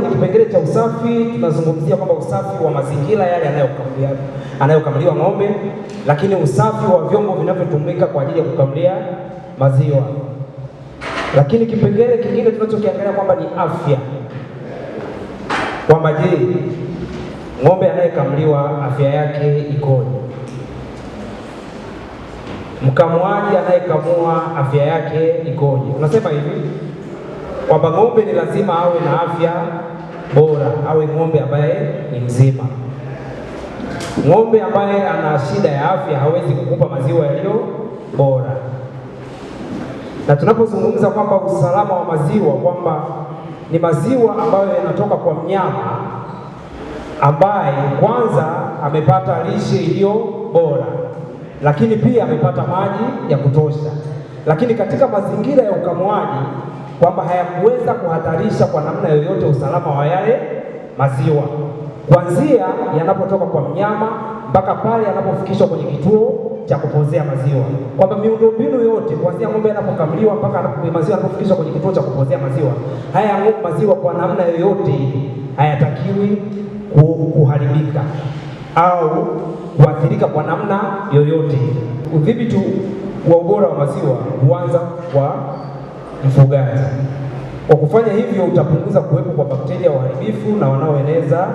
kwenye kipengele cha usafi tunazungumzia kwamba usafi wa mazingira yale anayokamuliwa ng'ombe, lakini usafi wa vyombo vinavyotumika kwa ajili ya kukamulia maziwa. Lakini kipengele kingine tunachokiangalia kwamba ni afya, kwamba je, ng'ombe anayekamuliwa afya yake ikoje? Mkamuaji anayekamua afya yake ikoje? Unasema hivi kwamba ng'ombe ni lazima awe na afya bora, awe ng'ombe ambaye ni mzima. Ng'ombe ambaye ana shida ya afya hawezi kukupa maziwa yaliyo bora. Na tunapozungumza kwamba usalama wa maziwa, kwamba ni maziwa ambayo yanatoka kwa mnyama ambaye kwanza amepata lishe iliyo bora, lakini pia amepata maji ya kutosha, lakini katika mazingira ya ukamuaji kwamba hayakuweza kuhatarisha kwa namna yoyote usalama wa yale maziwa kuanzia yanapotoka kwa mnyama mpaka pale yanapofikishwa kwenye kituo cha kupozea maziwa, kwamba miundombinu yote kuanzia ng'ombe anapokamliwa mpaka maziwa yanapofikishwa kwenye kituo cha kupozea maziwa, haya maziwa kwa namna yoyote hayatakiwi kuharibika au kuathirika kwa namna yoyote. Udhibiti wa ubora wa maziwa huanza kwa mfugaji. Kwa kufanya hivyo, utapunguza kuwepo kwa bakteria waharibifu na wanaoeneza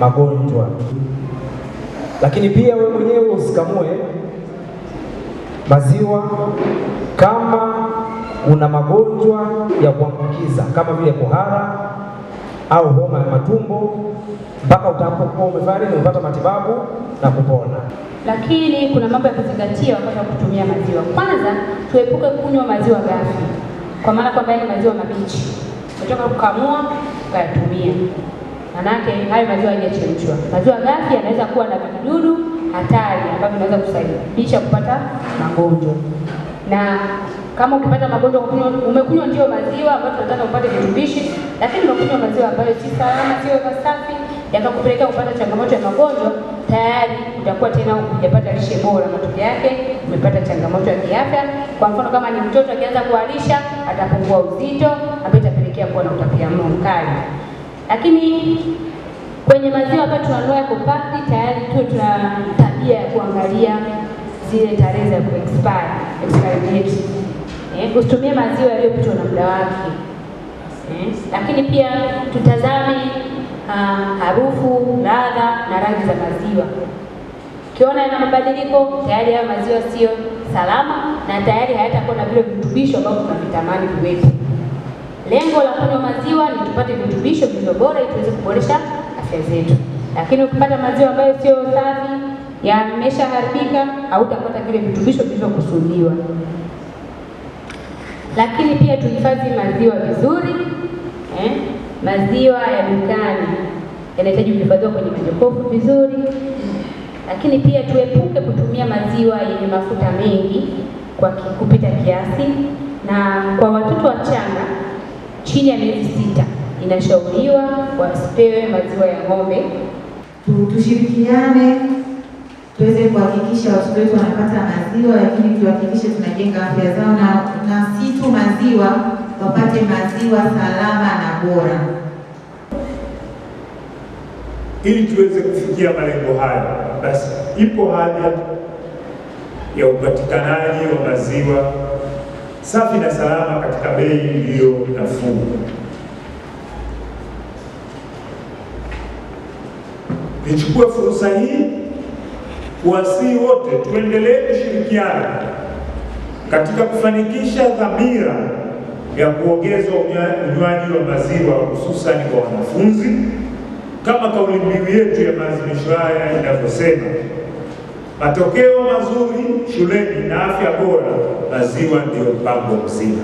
magonjwa. Lakini pia wewe mwenyewe usikamue maziwa kama una magonjwa ya kuambukiza kama vile kuhara au homa ya matumbo mpaka utakapokuwa umefariki umepata matibabu na kupona. Lakini kuna mambo ya kuzingatia wakati wa kutumia maziwa. Kwanza, tuepuke kunywa maziwa ghafi kwa maana kwamba yale maziwa mabichi umetoka kukamua ukayatumia, manake hayo maziwa hayajachemshwa. Maziwa gafi yanaweza kuwa na vijidudu hatari ambavyo vinaweza kusababisha kupata magonjwa, na kama ukipata magonjwa, umekunywa ndio maziwa ambayo tunataka upate virutubishi, lakini umekunywa maziwa ambayo si salama, sio safi yakakupelekea kupata changamoto ya magonjwa, tayari utakuwa tena hujapata lishe bora. Matokeo yake umepata changamoto ya kiafya. Kwa mfano, kama ni mtoto akianza kuharisha, atapungua uzito, ambaye itapelekea kuwa na utapiamlo mkali. Lakini kwenye maziwa ambayo tunanunua yako tayari tu tuna tabia ya kuangalia zile tarehe za kuexpire expiry date. Eh, usitumie maziwa yaliyopitwa na muda wake. Lakini pia tutazame ah, harufu, ladha na rangi za maziwa. Ukiona yana mabadiliko, tayari hayo maziwa sio salama na tayari hayatakuwa na vile virutubisho ambavyo tunavitamani viwepo. Lengo la kunywa maziwa ni tupate virutubisho vilivyo bora ili tuweze kuboresha afya zetu, lakini ukipata maziwa ambayo sio safi, yameshaharibika, hautapata vile virutubisho vilivyokusudiwa. Lakini pia tuhifadhi maziwa vizuri. Maziwa ya dukani yanahitaji kuhifadhiwa kwenye majokofu vizuri, lakini pia tuepuke kutumia maziwa yenye mafuta mengi kwa kupita kiasi, na kwa watoto wachanga chini ya miezi sita inashauriwa wasipewe maziwa ya ng'ombe. Tushirikiane tuweze kuhakikisha watoto wetu wanapata maziwa, lakini tuhakikishe tunajenga afya zao na, na si tu maziwa, wapate maziwa salama na bora. Ili tuweze kufikia malengo haya, basi ipo haja ya upatikanaji wa maziwa safi na salama katika bei iliyo nafuu. Nichukue fursa hii Kuwasihi wote tuendelee kushirikiana katika kufanikisha dhamira ya kuongeza unywaji wa maziwa hususani kwa wanafunzi kama kauli mbiu yetu ya maadhimisho haya inavyosema, matokeo mazuri shuleni na afya bora, maziwa ndiyo mpango mzima.